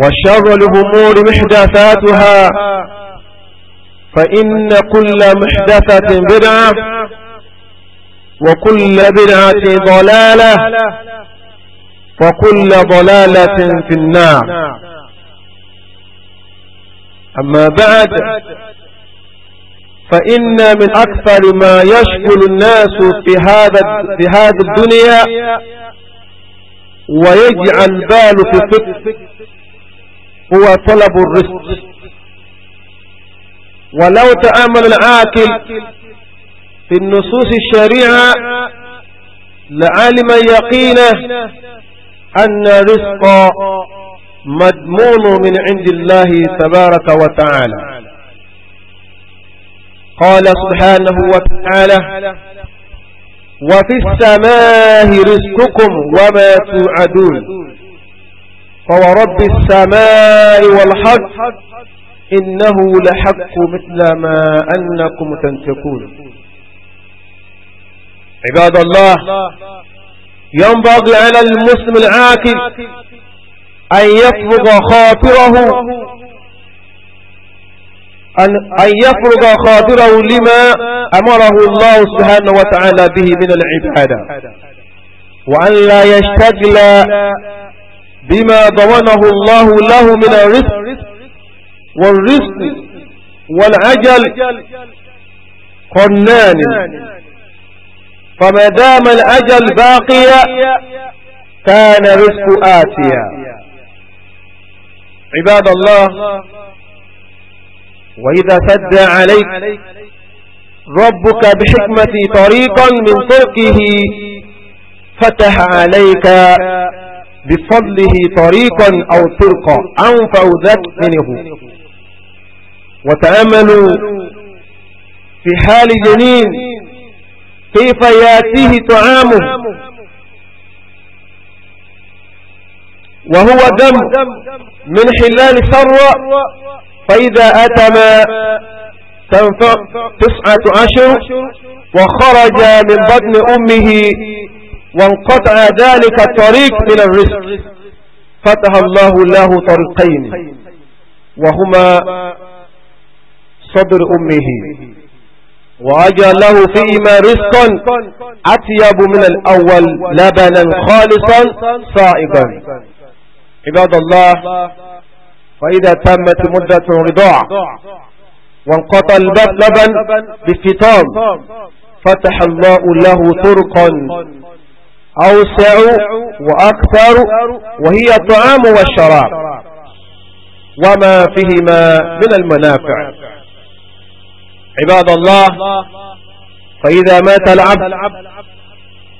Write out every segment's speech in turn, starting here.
وشر الأمور محدثاتها فإن كل محدثة بدعة وكل بدعة ضلالة وكل ضلالة في النار أما بعد فإن من أكثر ما يشكل الناس في هذا في هذه الدنيا ويجعل باله في فكر هو طلب الرزق ولو تأمل العاقل في النصوص الشريعة لعلم يقينا أن رزق مدمون من عند الله تبارك وتعالى قال سبحانه وتعالى وفي السماء رزقكم وما توعدون فورب السماء والحق إنه لحق مثل ما أنكم تنتقون عباد الله ينبغي على المسلم العاكب أن يفرغ خاطره أن, أن يفرغ خاطره لما أمره الله سبحانه وتعالى به من العبادة وأن لا يشتغل بما ضمنه الله له من الرزق والرزق والعجل قنان فما دام الأجل باقيا كان رزق آتيا عباد الله وإذا سد عليك ربك بحكمة طريقا من طرقه فتح عليك بفضله طريقا أو طرقا أو ذات منه وتأملوا في حال جنين كيف يأتيه طعامه وهو دم من حلال ثروة فإذا أتم تنفع تسعة عشر وخرج من بطن أمه وانقطع ذلك الطريق من الرزق فتح الله له طريقين وهما صدر أمه وأجى له فيهما رزقا أطيب من الأول لبنا خالصا صائبا عباد الله فإذا تمت مدة الرضاع وانقطع اللبن بفتام فتح الله له طرقا أوسع وأكثر وهي الطعام والشراب وما فيهما من المنافع عباد الله فإذا مات العبد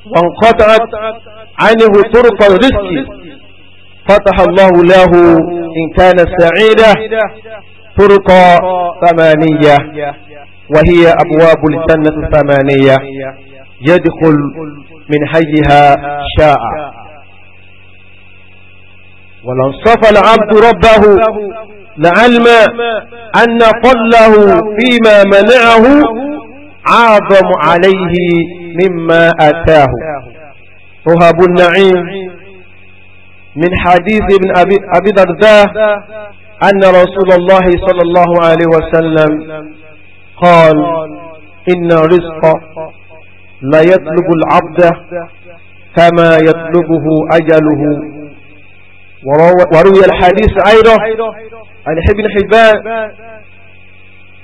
وانقطعت عنه طرق الرزق فتح الله له إن كان سعيدا طرق ثمانية وهي أبواب الجنة الثمانية يدخل من حيها شاء ولو صف العبد ربه لعلم أن قله فيما منعه أعظم عليه مما أتاه رهاب النعيم من حديث ابن أبي, أبي درداء أن رسول الله صلى الله عليه وسلم قال إن رزق لا يطلب العبد كما يطلبه أجله وروي الحديث أيضا عن ابن حبان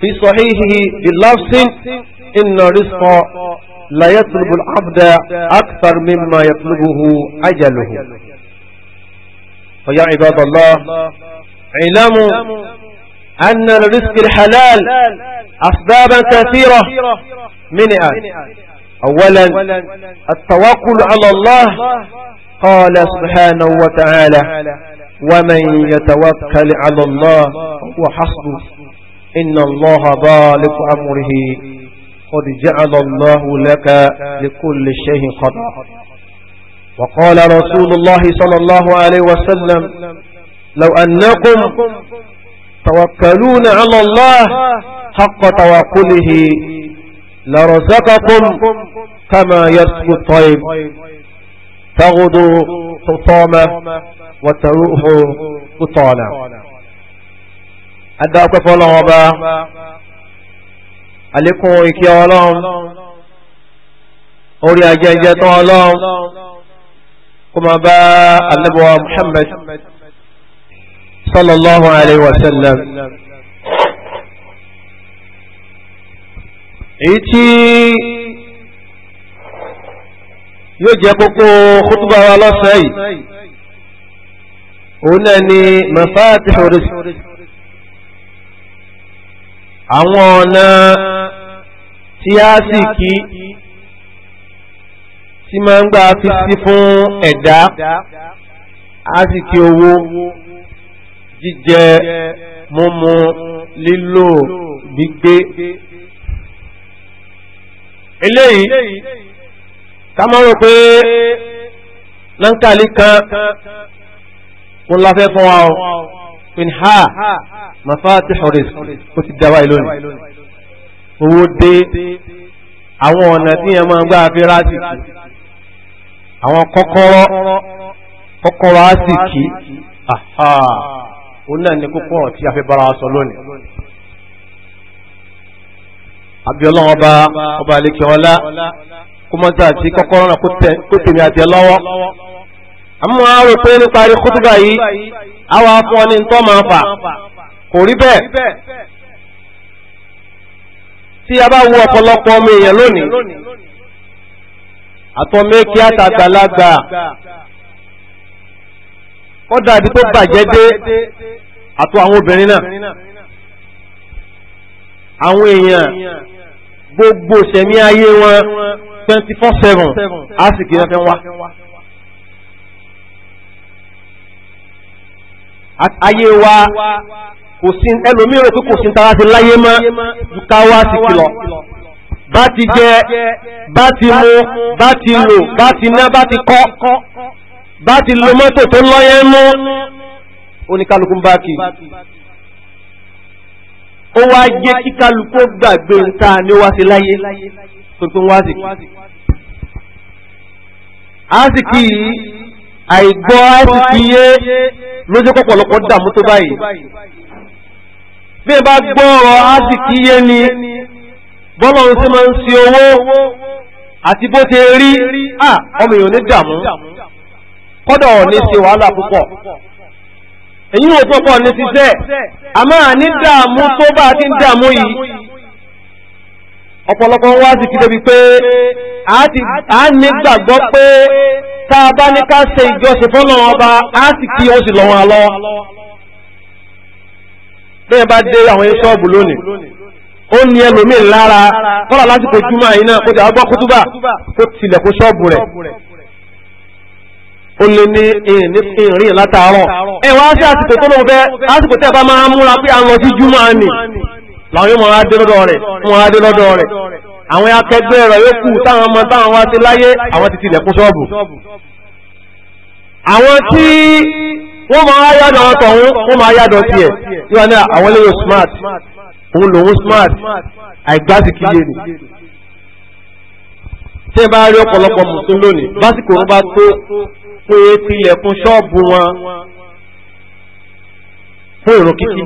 في صحيحه باللفظ إن رزق لا يطلب العبد أكثر مما يطلبه أجله فيا عباد الله علموا أن لرزق الحلال أسبابا كثيرة منها أولا التوكل على الله قال سبحانه وتعالى ومن يتوكل على الله هو حسبه إن الله ظالف أمره قد جعل الله لك لكل شيء قدر وقال رسول الله صلى الله عليه وسلم لو أنكم توكلون على الله حق توكله لرزقكم كما يرزق الطيب تغدو حطاما وتروح بطانا أدعوك فالله أبا عليكم إكيا الله أولي أجنجة الله كما باء النبوة محمد صلى الله عليه وسلم èyí tí yóò jẹ́ kókó kútùbà wa lọ́sẹ̀ yìí òun náà ni mafatihu rizq àwọn ọ̀nà tí a sì kí tí máa ń gbà fi sí fún ẹ̀dá a sì kí owó jíjẹ mímu lílò gbígbé eléyìí ká máa rò pé nankali kan kò láfẹ́ fún wa o pin ha mafatihu rizq ó ti dá báyìí lónìí owó dé àwọn ọ̀nà tí yẹn máa gbá fi rásìkì àwọn kọ́kọ́rọ́ kọ́kọ́rọ́ rásìkì ó náà ní kókó ọ̀tí afẹ́bára sọ lónìí. abiola ọba ọba aleke ọla na àti kọ́kọ́rọ́ náà kó tèmi àti ẹ lọ́wọ́ àmọ́ a rò pé níparí kútùbà yìí àwa fún ọ ní ntọ́ máa fà kò rí bẹ́ẹ̀ tí a bá wo ọ̀pọ̀lọpọ̀ ọmọ èèyàn lónìí àtọ́mẹ́kí àtàgbàlagbà ó dàbí tó bàjẹ́ dé àwọn obìnrin náà àwọn èèyàn gbogbo sẹ̀mí ayé wọn twenty four seven àsìkò yẹn fẹ́ wá. ayé wa kò sí ẹlòmíràn pé kò sí tara ti láyé mọ́ ká wá sí kìlọ̀ bá ti jẹ bá ti mu bá ti lò bá ti ná bá ti kọ́ bá ti lo mọ́tò tó lọ́yẹ́ mú oníkálukú bá kì ó wá jẹ́ kí kálukú gbàgbé nǹkan ni ó wá sí láyé tuntun wá sí. àsìkí àìgbọ́ àsìkí yé lójú pọ̀pọ̀lọpọ̀ dààmú tó báyìí. bí bá gbọ́ ọ̀rọ̀ àsìkí yé ni bọ́lọ̀ ń sí máa ń ṣe owó àti bó ṣe rí ọmọ èèyàn ní dààmú kọ́dọ̀ ní ṣe wàhálà púpọ̀ èyí ò pọ́pọ̀ ní ṣiṣẹ́ àmọ́ ní dààmú tó bá ti ń dààmú yìí ọ̀pọ̀lọpọ̀ wá sí ti débi pé a ní gbàgbọ́ pé tá a bá ní ká ṣe ìjọsìn fọ́nà ọba a sì kí ó sì lọ́wọ́ alọ́ bẹ́ẹ̀ bá dé àwọn ṣọ́ọ̀bù lónìí ó ní ẹlòmíì lára tọ́lá lásìkò júmọ́ ó lé ní ìrìn látàárọ̀ ẹwà sí àsìkò tó lóun fẹ́ àsìkò tẹ́ bá máa múra pé a lọ sí júmọ́ ni làwọn yóò máa dé lọ́dọ̀ rẹ̀ máa dé lọ́dọ̀ rẹ̀ àwọn akẹgbẹ́ rẹ̀ yóò kù táwọn ọmọ táwọn wá sí láyé àwọn ti tilẹ̀kùn ṣọ́ọ̀bù àwọn tí wọ́n máa yádọ̀ ọ̀tọ̀ wọ́n máa yádọ̀ sí ẹ̀ yíwa ní àwọn lèrò smart òun lòun smart àìgbásíkí yé ni tí ẹ bá rí ọ̀pọ̀lọpọ̀ mùsùn lónìí básìkò bá tó pé tilẹ̀kùn ṣọ́ọ̀bù wọn fún ìrun kíkí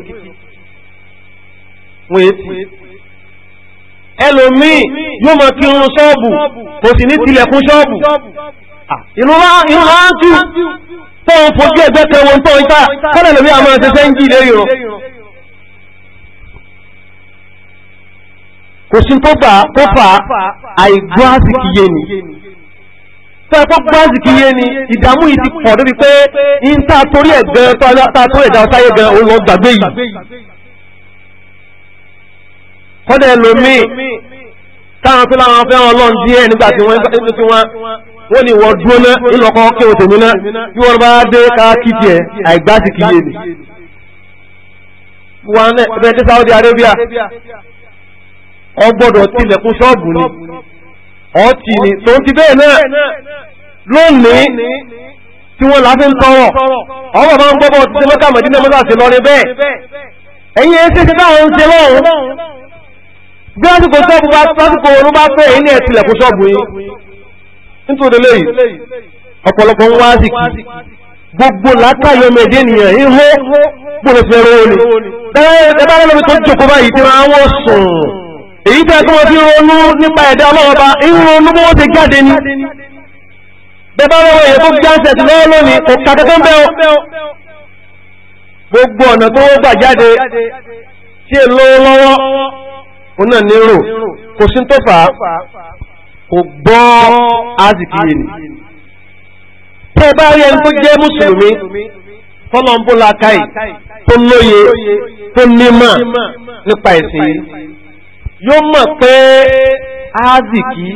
wọ́n èsì ẹlòmíì yóò mọ̀ kí irun ṣọ́ọ̀bù kò sì ní tilẹ̀kùn ṣọ́ọ̀bù irun láńtù tó ń fojú ẹgbẹ́ kẹwọn tó ń ta kọ́lẹ̀ lómi àwọn àti sẹ́ńjì ilé ìrun kò sí tó fà á àìgbọ́ àsìkò yé ni tó ẹ̀kọ́ gbáàzì kí yé ni ìdààmú yìí ti pọ̀ lórí pé in tá a torí ẹ̀ gan tó a torí ẹ̀dá ọ̀sáyé gan òun lọ gbàgbé yìí kọ́dẹ̀ ẹlòmíì táwọn pé láwọn fẹ́ràn ọlọ́run díẹ̀ nígbà tí wọ́n ń tí wọ́n wọ́n ní ìwọ dúró ná ìlọ́kọ́ kí o tèmi ná bí wọ́n bá dé ká tiẹ̀ àìgbáàzì kí yé ni. wọn bẹ́ẹ̀ dé Saudi Arabia ọ gbọ́dọ̀ tilẹ̀kùn ṣọ́ọ̀bù ni ọtí ni tó ti bẹ́ẹ̀ náà lónìí tí wọ́n láti ń tọrọ ọmọ bá ń gbọ́bọ̀ tí mọ́ta mọ̀dínà mọ́ta sí lọ rí bẹ́ẹ̀ ẹ̀yìn ẹsẹ́ ti dáhùn ń ṣe lọ́hùn bí lásìkò sọ́ọ̀bù bá lásìkò oorun bá pẹ́ èyí ní ẹ̀tìlẹ̀ kó sọ́ọ̀bù yìí nítorí lẹ́yìn ọ̀pọ̀lọpọ̀ ń wá sí kí gbogbo látàyọ méje nìyàn ihó gbọ́dọ̀ fẹ́ rówó ni ẹ bá lọ́bi tó jókòó báyìí tí wọ́n á wọ́n sùn èyí tẹ́ tó wọ́n fi ronú nípa ẹ̀dá ọlọ́ọba ìrònú bó ti jáde ní bẹ́bá rẹ̀ wọ́n èkó jáǹsẹ̀tì lọ́wọ́ lónìí kò kàkẹ́kẹ́ ń bẹ́ o gbogbo ọ̀nà tó wọ́n gbà jáde tí è lọ́wọ́ lọ́wọ́ nírò kò sí tó fà á kò gbọ́ azìkiri nì tẹ́ bá rí ẹni tó jẹ́ mùsùlùmí tọ́lọ́mbó lakai tó lóye tó nímọ̀ nípa ẹ̀sìn yóò mọ̀ pé áàzìkí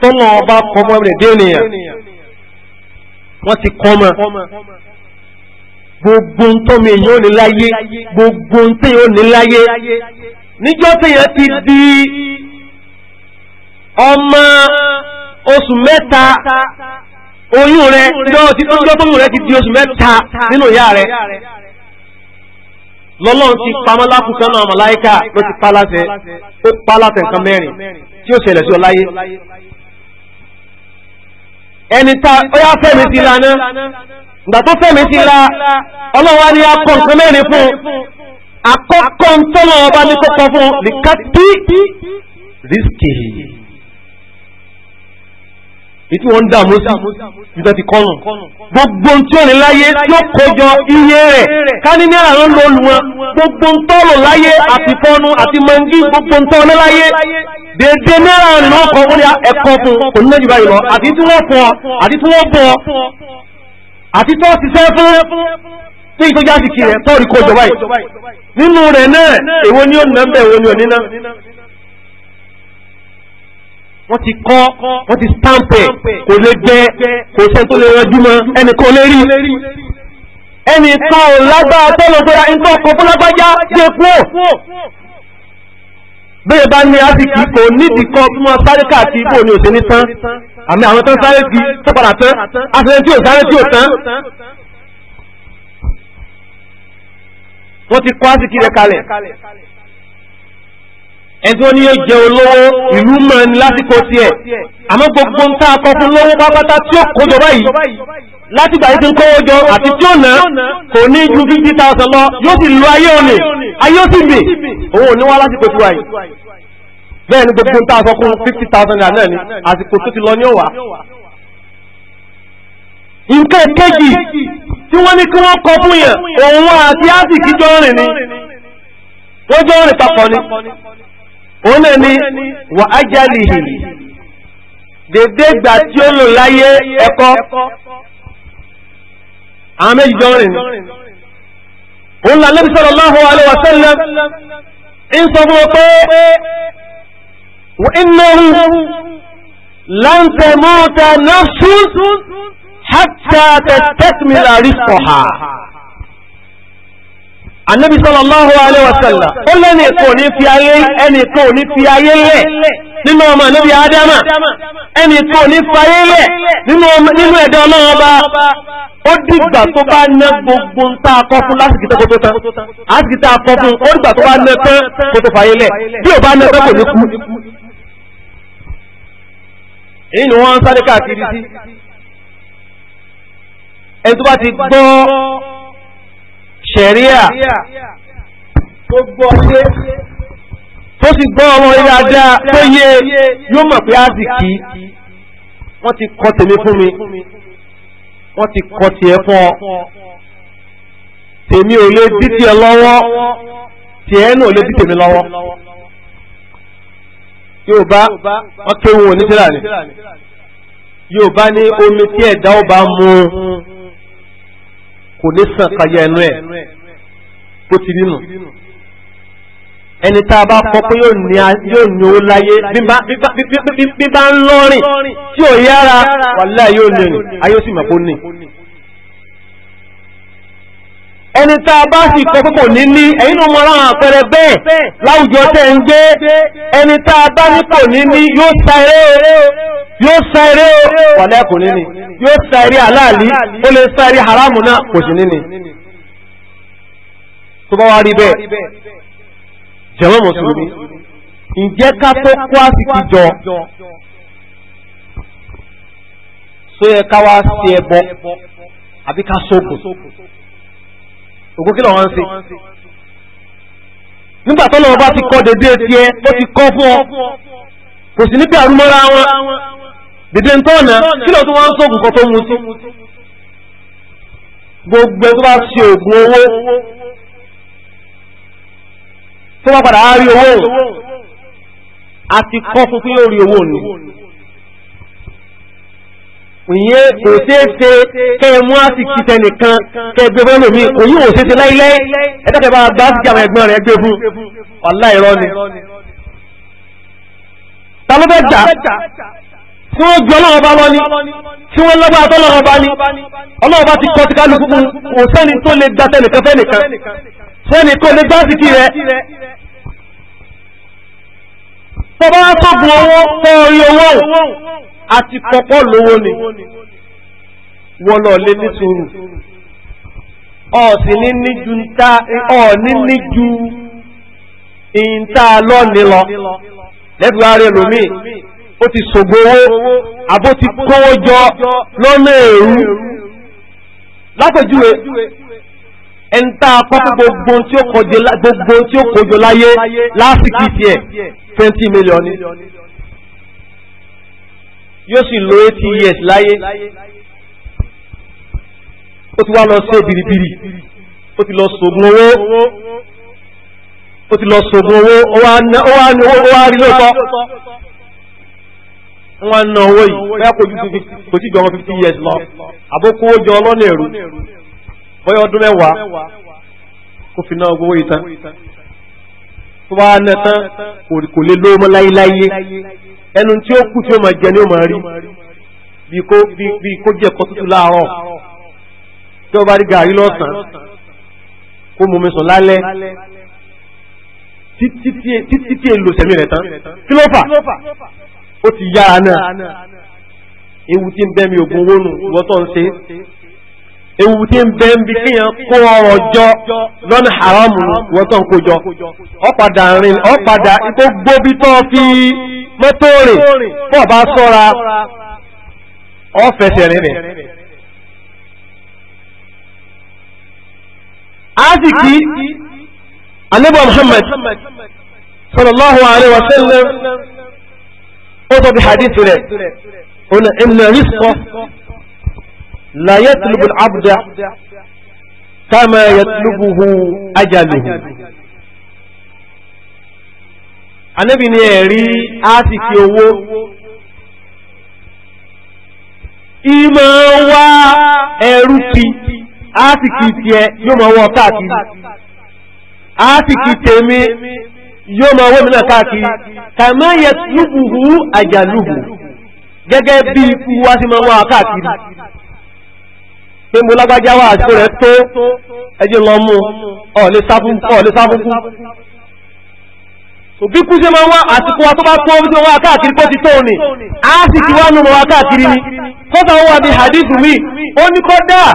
tọ́lọ̀ ọba kọmọ rẹ̀ dénìyàn wọ́n ti kọmọ gbogbo ntọ́mi èyàn ò ní láyé gbogbo ntẹ́yàn ò ní láyé níjọ́ tẹ́yàn ti di ọmọ oṣù mẹ́ta oyún rẹ̀ lọ́wọ́ tí ó ń jọ́ tóyún rẹ̀ ti di oṣù mẹ́ta nínú ìyá rẹ̀ lọ́lọ́run ti pamọ́ lákùnkán náà màláíkà ló ti pálásẹ̀ ó pálásẹ̀ nǹkan mẹ́rin tí ó ṣẹlẹ̀ sí ọ láyé. ẹni tá ó yá fẹ́mi ti ra náà ìgbà tó fẹ́mi ti ra ọlọ́run á ní akọ nǹkan mẹ́rin fún un àkọ́kọ́ ń tọ́lọ́ ọba ní kọ́kọ́ fún un lìkàtí rìsíkì ètí wọ́n ń dààmú sí ìjọ ti kọ́nù gbogbo tí ó ní láyé tí ó kójọ iye rẹ̀ káni ní àrùn lólu wọn gbogbo ń tọ́lọ̀ láyé àti fọ́nù àti mangi gbogbo ń tọ́lọ̀ láyé dèdè náírà nínú ọkọ̀ ó ní ẹ̀kọ́ fún kò ní lójú báyìí lọ àti tí wọ́n fọ́ àti tí wọ́n bọ́ àti tó ṣiṣẹ́ fún tí ìtọ́jà sì kiri ẹ̀ tọ́ọ̀rí kójọ báyìí nínú rẹ̀ náà èwo ni ó nà ń bẹ̀ èwo ni ò ní ná wọ́n ti kọ́ wọ́n ti stampẹ̀ kò lè gbẹ kò sẹ́ tó lè rọjú mọ́ ẹnìkan lè rí ẹnìkan ò lágbára tọ́lọ̀ gbọ́ra nǹkan ọkọ̀ fún lágbájá dé kúrò bẹ́ẹ̀ bá ní àsìkí kò nídìí kan fún wọn sáré káàkiri bóò ní òsè ní tán àmì àwọn tán sáré kí sọ́padà tán àṣẹ tí ò sáré tí ò tán wọ́n ti kọ́ àsìkí rẹ̀ kalẹ̀ ẹ̀dùn ni yóò jẹ olówó ìlú mọ̀ ní lásìkò tí ẹ̀ àmọ́ gbogbo ń tàà kọkún lówó pápátá tí ó kójọ báyìí láti gbà ìpín kówó jọ àti tí ó náà kò ní ju 50,000 lọ yóò sì lo ayé òní ayé ó sì bè òun ò ní wá lásìkò tí wáyìí bẹ́ẹ̀ ni gbogbo ń tàà kọkún 50,000 naira náà ni àsìkò tó ti lọ ní òwà nǹkan kejì tí wọ́n ní kí wọ́n kọ fún yàn òun àti ásìkí jọ rìn ni wọ́n jọ rìn papọ̀ ni òun náà ni wà á jálìhì dédé gbà tí ó lò láyé ẹ̀kọ́ àwọn méjì jọ rìn òun là Nabi sallallahu alaihi wa sallam ń sọ fún wọn pé innahu lan tamuta nafsun hatta tastakmila rizqaha. Ànábì sallallahu alaihi wasallam ó lẹ́nì kò ní fi ayé ẹnì kò ní fi ayé lẹ̀ nínú ọmọ Ànábì Ádámà ẹnì kò ní fi ayé lẹ̀ nínú ẹ̀dá ọlọ́run ọba ó dìgbà tó bá ná gbogbo ń tá a kọ́ fún lásìkò tó kótó tán àsìkò tá a kọ́ fún ó dìgbà tó bá ná tán kó tó fàyé lẹ̀ bí ò bá ná tán kò ní kú. sáré káàkiri sí ẹni tó bá ti gbọ́ ṣẹ̀ríà tó gbọ́ pé tó sì gbọ́ ọmọ orí dáadáa tó yé yóò mọ̀ pé àsìkí wọ́n ti kọ́ tèmi fún mi wọ́n ti kọ́ tiẹ̀ fún ọ tèmi ò lè dí tiẹ̀ lọ́wọ́ tiẹ̀ náà ò lè dí tèmi lọ́wọ́ yóò bá ọkẹ́ wọn ní sílà ni yóò bá ní omi tí ẹ̀dá ó bá mu kò ní sàn kàyà ẹnu ẹ̀ bó ti rí nù ẹni tá a bá kọ pé yóò ní owó láyé bí bá ń lọ́rìn tí ò yára wàlá yóò ní ẹni ayé sì mọ̀ kó ní ẹni tá a bá sì kọ púpọ̀ ní ní ẹ̀yìn ọmọ aráhàn àpẹẹrẹ bẹ́ẹ̀ láwùjọ tẹ́ ń gbé ẹni tá a bá ní kò ní ní yóò sáré yóò sá eré wàlẹ́ kò níní yóò sá eré aláàlí ó lè sá eré haramu náà kò sí níní tó bá wá rí bẹ́ẹ̀ jẹ́wọ́ mùsùlùmí ǹjẹ́ ká tó kó àsìkò jọ só yẹ ká wá sí ẹbọ àbí ká sóògùn ògùn kí lọ́wọ́ ń ṣe nígbà tó lọ́wọ́ bá ti kọ́ dédé tiẹ̀ ó ti kọ́ fún ọ kò sí níbi àrùmọ́ra wọn dèdè ntọ́nà kí ló tún wá ń sóògùn kan tó mu sí gbogbo ẹ̀ tó bá ṣe ògùn owó tó bá padà á rí owó àti kọ́ fún fún yóò rí owó ni ìyẹn kò ṣeé ṣe kẹ́ ẹ mú àsìkí tẹnìkan kẹ́ ẹ gbé fún ẹlòmíì kò yí òṣèé ṣe láíláí ẹ̀dá kẹ́ bá gbá àsìkí àwọn ẹ̀gbọ́n rẹ̀ gbé fún wàláì irọ́ ni ta ló fẹ́ jà tí wọ́n ju ọlọ́run ọba lọ ni tí wọ́n lọ́gbà tó lọ́run ọba ni ọlọ́run ọba ti kọ́ ti kálukú fún kò sẹ́ni tó lè gba tẹnìkan fẹ́nìkan sẹ́ni tó lè gbásìkì rẹ̀ tọba tógun owó tọ́ orí owó àti pọ̀pọ̀ lówó ni wọ́n lọ lé ní sùúrù ọ̀sìn ní níjú ọ̀ní níjú ìyìntà lọ́ni lọ lẹ́fìwárí lómi ó ti ṣògbówó àbó ti kówó jọ lọ́nà èrú látọ̀júwe ẹni tá a kọ́ fún gbogbo tí ó kọjọ láyé lásìkò tiẹ̀ twenty million ni yóò sì lo eighty years láyé ó ti wá lọ ṣe bìrìbìrì ó ti lọ ṣògùn owó ó ti lọ ṣògùn owó ó wá rí lóòótọ́ wọn ná owó yìí bẹ́ẹ̀ kò ju kò tí ju ọmọ fifty years lọ àbókò ó jọ ọlọ́nà èrú bóyá ọdún mẹ́wàá kó fi ná owó yìí tán tó bá ná tán kò lè lówó mọ́ láyéláyé ẹnu tí ó kù tí ó máa jẹ ni ó máa rí bí kò bí kò jẹ ẹ̀kọ́ tuntun láàárọ̀ tí ó bá rí gàrí lọ́sàn-án kó mú mi sùn lálẹ́ títí tí èlò sẹ́mi rẹ̀ tán kí ló fà. ó ti yára náà ewu tí ń bẹ́ mi ògùn owó nù wọ́tọ̀ ń ṣe ewu tí ń bẹ́ ń bi kó ọrọ̀ jọ lọ́nà haram nù wọ́tọ̀ ń ọ̀padà rìn ọ̀padà ọba sọ́ra ọ̀fẹsẹ̀ Aziki, Muhammad, sallallahu wa ó sọ bí hadith rẹ̀ ọ̀nà ìnà rísọ láyé tìlùbù abdá kama yẹ tìlùbù ajaluhu anábì ni ẹ̀rí áàtìkì owó ìmọ̀ wá ẹrú ti áàtìkì tiẹ̀ yóò mọ̀ wọ́ káàkiri áàtìkì tèmi yóò máa wọ́n náà káàkiri kàmá yẹ lúbùhú àjàlúbù gẹ́gẹ́ bí ikú wá sí máa wá káàkiri pé mo lágbájá wà àsìkò rẹ̀ tó ẹjẹ́ lọ mú ọ̀lẹ́ sáfúnkú òbí kú sí máa wá àsìkò wa tó bá tó ọmọ wá káàkiri pé ti tó ní a sì ti wá nínú wá káàkiri ni kọ́ta wọ́n wà ní hadithu mi ó ní kọ́ dáa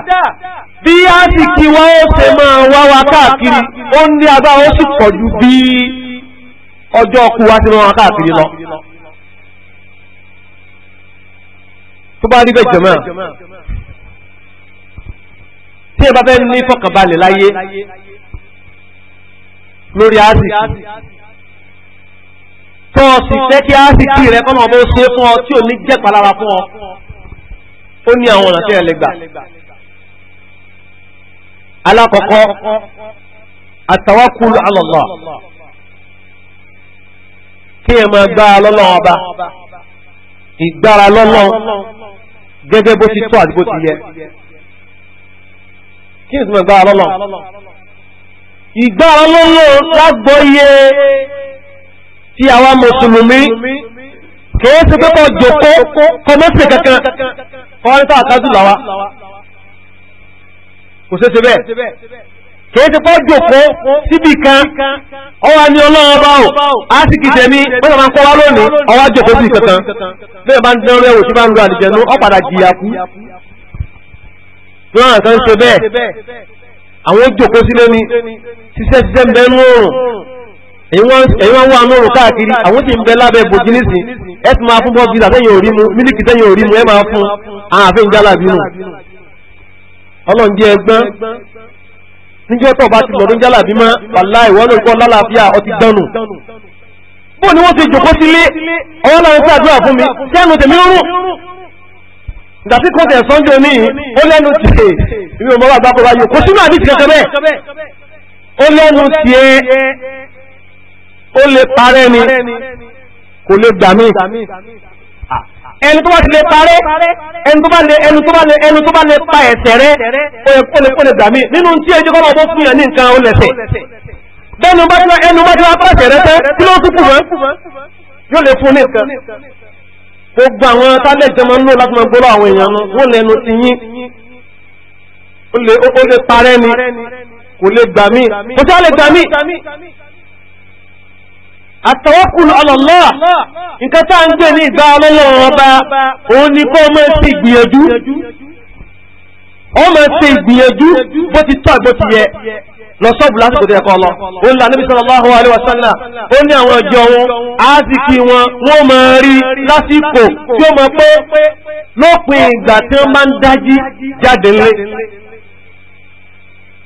bí a sì kí wá ó ṣe máa wá wá káàkiri ó ní agbára ó sì pọ̀ ju bí ọjọ́ ọkú wa ti rán káàkiri lọ tó bá rí bẹ́ẹ̀ jẹ̀mọ́ tí ẹ bá fẹ́ ní fọkànbalẹ̀ láyé lórí àásìkì tó o sì fẹ́ kí àásìkì rẹ kọ́nà ọmọ ṣe fún ọ tí ò ní jẹ́ palára fún ọ ó ní àwọn ọ̀nà tí ẹ lè gbà alákọ̀ọ́kọ́ àtàwákùlù ala kí ẹ máa gbára lọ́lọ́run ọba ìgbára lọ́lọ́run gẹ́gẹ́ bó ti tọ́ àti bó ti yẹ kí ni ìtumọ̀ ìgbára lọ́lọ́run ìgbára lọ́lọ́run lágbóyè tí àwa mùsùlùmí kìí ṣe pé kọ́ jòkó kọ́ mọ́sí kankan kọ́ wọ́n ní sáà kájú làwa kò ṣe ṣe bẹ́ẹ̀. ka ti pọ́ jòkó síbì kan ọwá ní ọlọ́wọ́ ò a sì kìí tẹ̀mí bọ́n máa kọ́ wá lónìí ọwá jòkó sí kankan bẹ́ẹ̀ bá ń dán tí bá ń lo ọ̀padà jìyà kú tí wọ́n ṣe bẹ́ẹ̀ àwọn jòkó sílé ni ṣiṣẹ́ ṣiṣẹ́ ń bẹ ń lóòrùn èyí wọ́n wà lóòrùn káàkiri àwọn sì ń bẹ lábẹ́ bòjì nísìn ẹ ti máa fún bọ́ níjọ́ tó bá ti lọ́dún jálà bímọ pàlá ìwọ́n lórí kọ́ lálàáfíà ọtí dánù bó ni wọ́n ti jòkó sílé ọwọ́ láwọn fún àdúrà fún mi kẹ́nu tèmi ń rún ìdásí kan tẹ̀ sọ́njọ́ ní ó lẹ́nu tìṣe ìwé ọmọ bàbá kọ́ wáyé kò sínú àdìsí kẹsẹ̀ bẹ́ẹ̀ ó lẹ́nu tìẹ ó lè parẹ́ ni kò lè gbà mí ẹni tó bá ti lè parẹ́ ẹni tó bá lè ẹni tó bá lè ẹni tó bá lè pa ẹ̀sẹ̀ rẹ ó yẹ kó lè kó lè gbà mí nínú tí ẹjọ́ kọ́ ọmọ fún yàn ní nǹkan ó lẹ̀sẹ̀ bẹ́ẹ̀ni bá ti ẹnu bá ti wá pàṣẹ rẹ tẹ́ kí ló kúkú mọ́ yóò lè fún nìkan gbogbo àwọn tálẹ̀ jẹmọ ń lò láti máa gbóló àwọn èèyàn nu wọn lẹnu ti yín ó lè parẹ́ ni kò lè gbà mí kò sá lè gbà mí àtọwọ́kùn ọlọ́lọ́ nǹkan tá ń gbé ní ìgbà ọlọ́lọ́wọ́ ọba òun ni kó mọ́ sí ìgbìyànjú ọmọ sí ìgbìyànjú bó ti tọ́ bó ti yẹ lọ sọ́ọ̀bù lásìkò tó lọ o ń la níbi sallallahu alaihi ní àwọn ọjọ́ wọn wọn wọ́n rí lásìkò tí ó pé lópin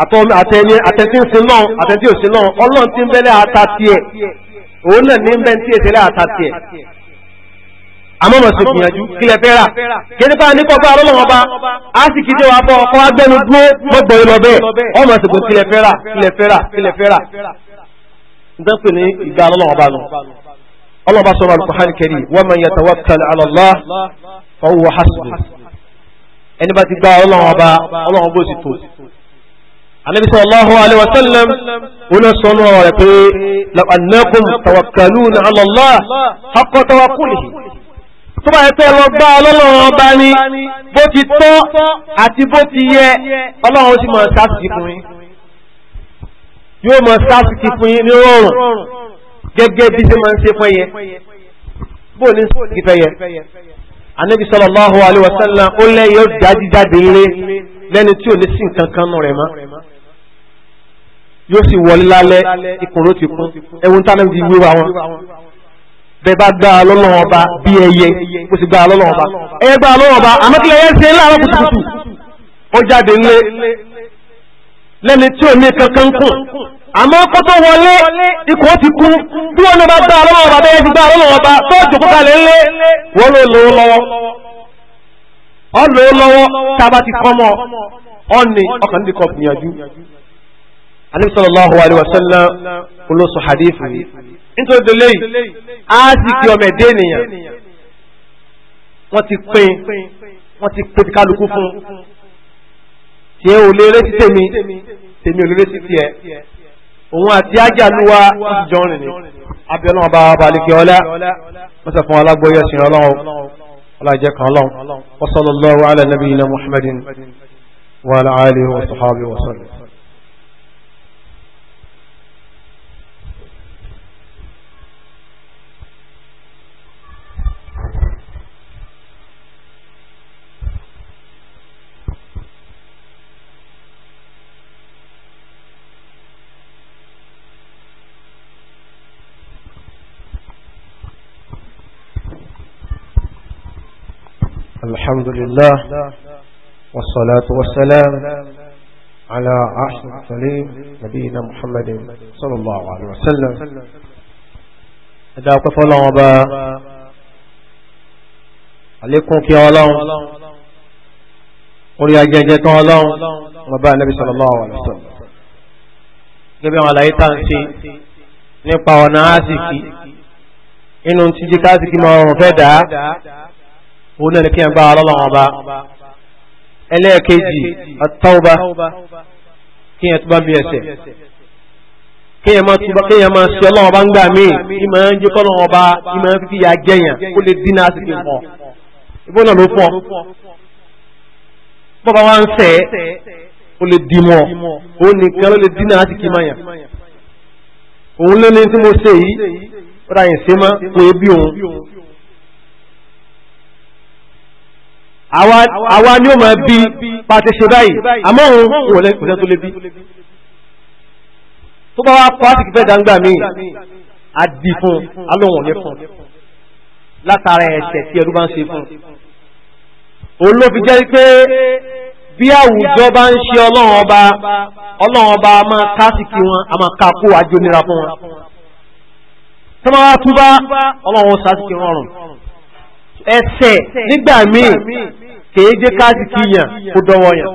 àtẹni àtẹ̀tí ń sin náà àtẹ̀tí ò sin náà ọlọ́run ti ń bẹ́lẹ̀ ata tiẹ̀ òun náà ní bẹ́ẹ̀ tí èsì rẹ̀ ata tiẹ̀ gbìyànjú kílẹ̀ fẹ́ rà kéde bá A sì bọ́ gbọ́gbọ́ bẹ́ẹ̀ kílẹ̀ kílẹ̀ kílẹ̀ ní ìgbà nù anabi sallallahu alaihi wa sallam wọ́n sọ ní ọ̀rọ̀ rẹ̀ pé lọ́pàdínlẹ́kùn tawakkaluna ala Allah haqqa tawakkulihi tó bá yẹ pé lọ gbá ọlọ́run ọba ní bó ti tọ́ àti bó ti yẹ ọlọ́run sì máa sásìkì fún yín yóò máa sásìkì fún yín ní rọrùn gẹ́gẹ́ bí ṣe máa ń ṣe fún yẹ bó ní sọ́ọ̀kì lẹ́ni tí ò ní sí nǹkan kan rẹ̀ mọ́. yóò sì wọlé lálẹ́ ìkòró ti kún ẹ̀wọ̀n tánà ti wíwá wọn bẹ́ẹ̀ bá lọ́lọ́wọ́ ọba bí ẹyẹ kò sì lọ́lọ́wọ́ ọba ẹyẹ gbá lọ́lọ́wọ́ ọba àmọ́ kí ẹyẹ ṣe kùtùkùtù kankan àmọ́ kó wọlé ti bí wọn bá ọba bẹ́ẹ̀ ti ọba tó jòkó kalẹ̀ wọ́n lè lọ́wọ́ ọ a anabi sallallahu alayhi wa sallam olóso hadithu yìí nítorí délé yìí aásìkì ọmọ ẹ̀dẹ́ ènìyàn wọ́n ti pín wọ́n ti pín kálukú fún tí ẹ ò lè rẹ́ sí tèmi tèmi ò lè rẹ́ sí tiẹ̀ òun àti ájàlúwa wọ́n ti jọrin ni abẹ́ ọlọ́run bá wà balẹ̀kẹ́ ọlá wọ́n sọ fún alágbóyè ẹ̀sìn ọlọ́run ọlájẹ́ kan ọlọ́run wa sallallahu ala nabiyina muhammadin wa ala alihi wa sahbihi wa الحمد لله والصلاة والسلام على أحسن السليم نبينا محمد صلى الله عليه وسلم أدى قفل وبا عليكم كي الله قل يا جنجة الله وبا النبي صلى الله عليه وسلم gẹ́gẹ́ àwọn àlàyé tá ń ṣe nípa ọ̀nà áṣìkì inú ti jí káṣìkì mọ́ ọ̀rùn fẹ́ dáa òun náà ni kí n gbá ọlọ́lọ́wọ́n ọba ẹlẹ́ẹ̀kejì àtọ́ọba kí n túbá bí ẹsẹ̀ kí n máa túbá kí n máa ṣe ọlọ́wọ́n ọba ń gbà míì kí máa ń jẹ́ kọ́lọ́wọ́n ọba kí máa ń fi kíyà jẹyàn kó lè dín náà síbi mọ́ ìbọn náà ló fọ́ bọ́ba wa ń sẹ́ ó lè dì mọ́ òun nìkan ló lè dín náà síbi mọ́ yàn òun ló tí mo ṣe yìí ó dà yín sí mọ́ òun ebi òun. àwa ni ó máa bí pàtẹ ṣe báyìí àmọ́ òun kò lẹ́kùnṣẹ́ tó lé bí tó bá wá pàtìkì fẹ́ dáńgbà míì àdì fún alóhùn ní fún látara ẹ̀ṣẹ̀ tí ẹrú bá ń ṣe fún òun ló fi jẹ́ pé bí àwùjọ bá ń ṣe ọlọ́run ọba ọlọ́run ọba a máa kásìkì wọn a máa kakó àjọnira fún wọn tó máa wá túbá ọlọ́run ó sásìkì wọn rùn ẹ̀ṣẹ̀ nígbà míì kèé jẹ́ káàsì kíyàn kó dọ́wọ́ yàn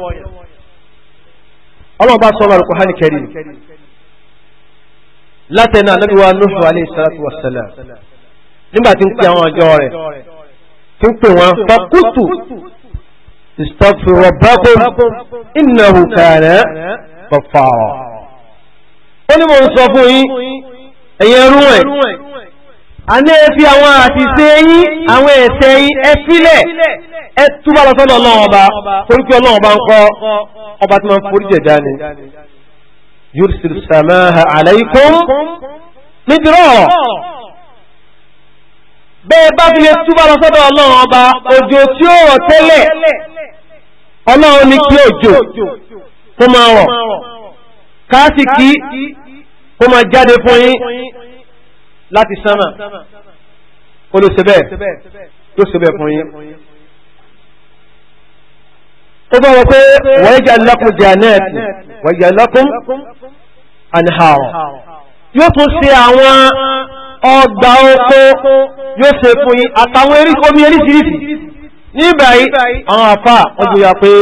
ọlọ́run bá sọ́wọ́ Al-Qur'ani Karim látẹ̀nà anábíwá Nuhu alayhi salatu wassalam nígbà tí ń pè àwọn ọjọ́ rẹ̀ tí ń pè wọn fakutu istaghfiru rabbakum àní ẹ̀fí àwọn àtìsẹ́ yín àwọn ẹ̀tẹ́ yín ẹ̀fílẹ̀ ẹ túbà lọ sọ́dọ̀ ọlọ́run ọba forúkẹ ọlọ́run ọba ń kọ́ ọba tí wọ́n forí jẹ̀dá ni yursil samaha alaykum nídìrọ̀ bẹ́ẹ̀ bá fi lè túbà lọ sọ́dọ̀ ọlọ́run ọba òjò tí ó rọ̀ tẹ́lẹ̀ ọlọ́run ní kí òjò kó máa rọ̀ káàsì kí kó máa jáde fún yín láti sánmà ó ló ṣe bẹ́ẹ̀ ló ṣe bẹ́ẹ̀ fún yín. ó bá wọ pé wa yaj'al lakum jannatin wa yaj'al lakum anhara yóò tún ṣe àwọn ọgbà oko yóò ṣe fún yín àtàwọn omi eríṣiríṣi ní ìbàyí àwọn àfà ọjọ́ ya pé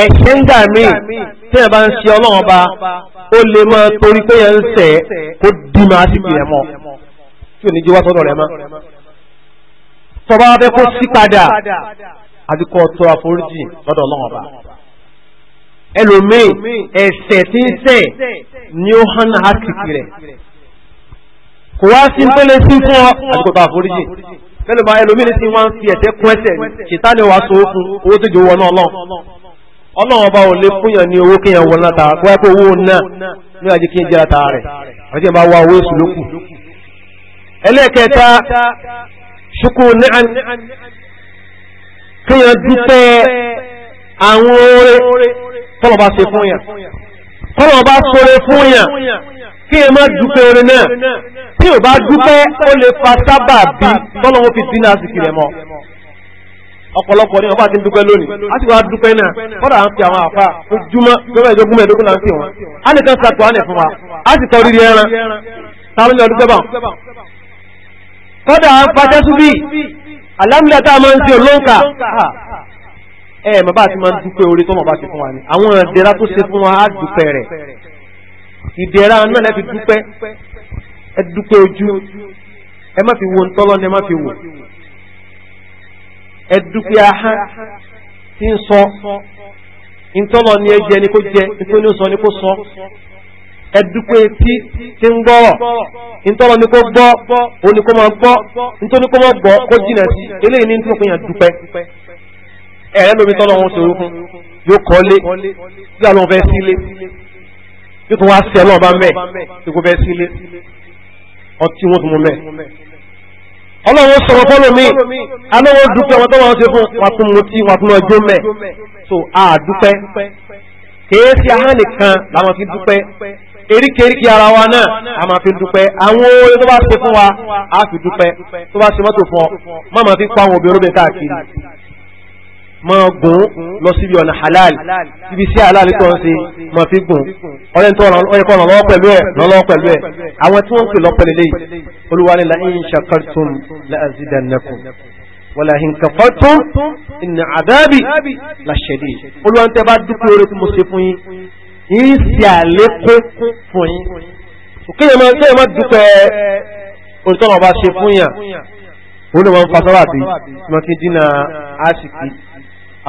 ẹ̀ṣẹ̀ ń gbà míì tí ẹ̀ bá ń ṣe ọlọ́run ọba ó lè máa torí pé ẹ̀ ń sẹ̀ kó dì máa sí ìgbìyànjú mọ́ tí ò ní jẹ́ wá sọ́dọ̀ rẹ̀ mọ́ tọba abẹ́ kó sí padà àti kó tọ àforíjì lọ́dọ̀ ọlọ́run ọba ẹlòmíì ẹ̀ṣẹ̀ tí ń sẹ̀ ni ó hàn áàtìkì rẹ̀ kò wá sí tó lè sí fún ọ àti kó tọ àforíjì fẹ́lẹ̀ bá ẹlòmíì ní sí ń fi ẹ̀ṣẹ̀ kún ẹ̀ṣẹ̀ ṣètánì wàá so ó owó tó jẹ́ owó náà lọ́n ọlọ́run ọba ò lè fúnyàn ní owó kíyàn wọn láta wáyé pé owó náà ní àjẹ́ kí n jẹ́ ata rẹ̀ àti ìbá wa owó èsù lókù ẹlẹ́ẹ̀kẹta ṣukú ní kíyàn dúpẹ́ àwọn oore tọ́lọ̀ bá ṣe fúnyàn tọ́lọ̀ bá ṣoore fúnyàn kíyàn má dúpẹ́ oore náà tí ò bá dúpẹ́ ó lè fa sábà bí tọ́lọ̀ wọn fi dínà sí kìlẹ̀ ọ̀pọ̀lọpọ̀ ní ọba ti ń dúpẹ́ lónìí a ti wá dúpẹ́ náà fọ́dà à ń fi àwọn àfa ojúmọ́ gbẹ́mọ̀ ìjọgún mẹ́ẹ̀ẹ́dógún là ń fi wọn a nìkan ṣàtò àlẹ̀ fún wa a sì tọrí ẹran táwọn ilé ọdún gbẹ́bà fọ́dà à ń pàṣẹ súbí alámìlẹ̀ tá a máa ń ṣe olóǹkà ẹ mọ̀ bá ti máa ń dúpẹ́ orí tó mọ̀ bá ti fún wa ni àwọn ìdẹ̀ra tó ṣe fún wa á dúpẹ́ rẹ̀ ìdẹ̀ra náà lẹ́ fi dúpẹ́ ẹ dúpẹ́ ojú ẹ má fi wo ntọ́lọ́ ni ẹ má fi wò ẹ̀dùkú ahán tí ń sọ ìtọ́lọ ni ẹjẹ ni kó jẹ ìtọ́ ni ó sọ ni kó sọ ẹ̀dùkú etí tí ń gbọ́rọ̀ ìtọ́lọ ni kó gbọ́ òun ni kó máa gbọ́ ìtọ́ ni kó máa gbọ́ kó jìnà sí eléyìí ní tún fìyàn dúpẹ́ ẹ̀rẹ́ lómi tọ́lọ wọn sòrò fún yóò kọ́lé tí àwọn ọbẹ̀ sílé yóò tún wá sí ọlọ́ọ̀bá mẹ́ẹ̀ ọtí wọn tún mú mẹ́ẹ̀ ọlọ́wọ́ sọ̀rọ̀ fọ́lọ̀ mi alówó dúpẹ́ wọn tó wọ́n ṣe fún wa tún mutí wa tún ọjọ́ mẹ́ so a dúpẹ́ kèésì ahọ́n nìkan làwọn fi dúpẹ́ eríkèríkè ara wa náà a máa fi dúpẹ́ àwọn oore tó bá ṣe fún wa a fi dúpẹ́ tó bá ṣe mọ́tò fún ọ máa fi pa àwọn obìnrin káàkiri máa gùn lọ síbi ọ̀nà halal ibi sí halal tó ń ṣe máa fi gùn ọ̀rẹ́ tó ọ̀rẹ́ kọ́ lọ́wọ́ pẹ̀lú ẹ̀ lọ́wọ́ pẹ̀lú ẹ̀ àwọn tí wọ́n ń pè lọ́pẹ̀lẹ̀ lẹ́yìn olúwarí la in shakartum la azidannakum wala in kafartum in adabi la shadid olúwa tẹ bá dúpẹ́ orí tí mo ṣe fún yín yín ṣe àlékún fún yín kéèyàn máa kéèyàn máa dúpẹ́ orí tọ́lọ̀ bá fún yàn òun ni wọ́n ń fa sọ́wọ́ àbí tí dínà àṣìkí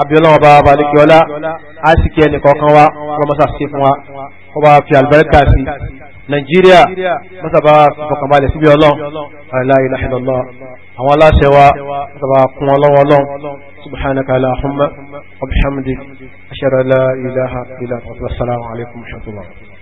abiyọlọ́wọ́ bá balikiola a sì kí ẹnì kọ̀ọ̀kan wa ọlọ́mọsá sí fún wa ó bá fi àlùbáríkà sí nàìjíríà mọ́sàbá fọkànbalẹ̀ síbi ọlọ́run la ilaha illallah àwọn aláṣẹ wa mọ́sàbá kún ọlọ́wọ́ ọlọ́run subhanaka allahumma wa bihamdik ashhadu la ilaha illa anta assalamu alaikum wa rahmatullah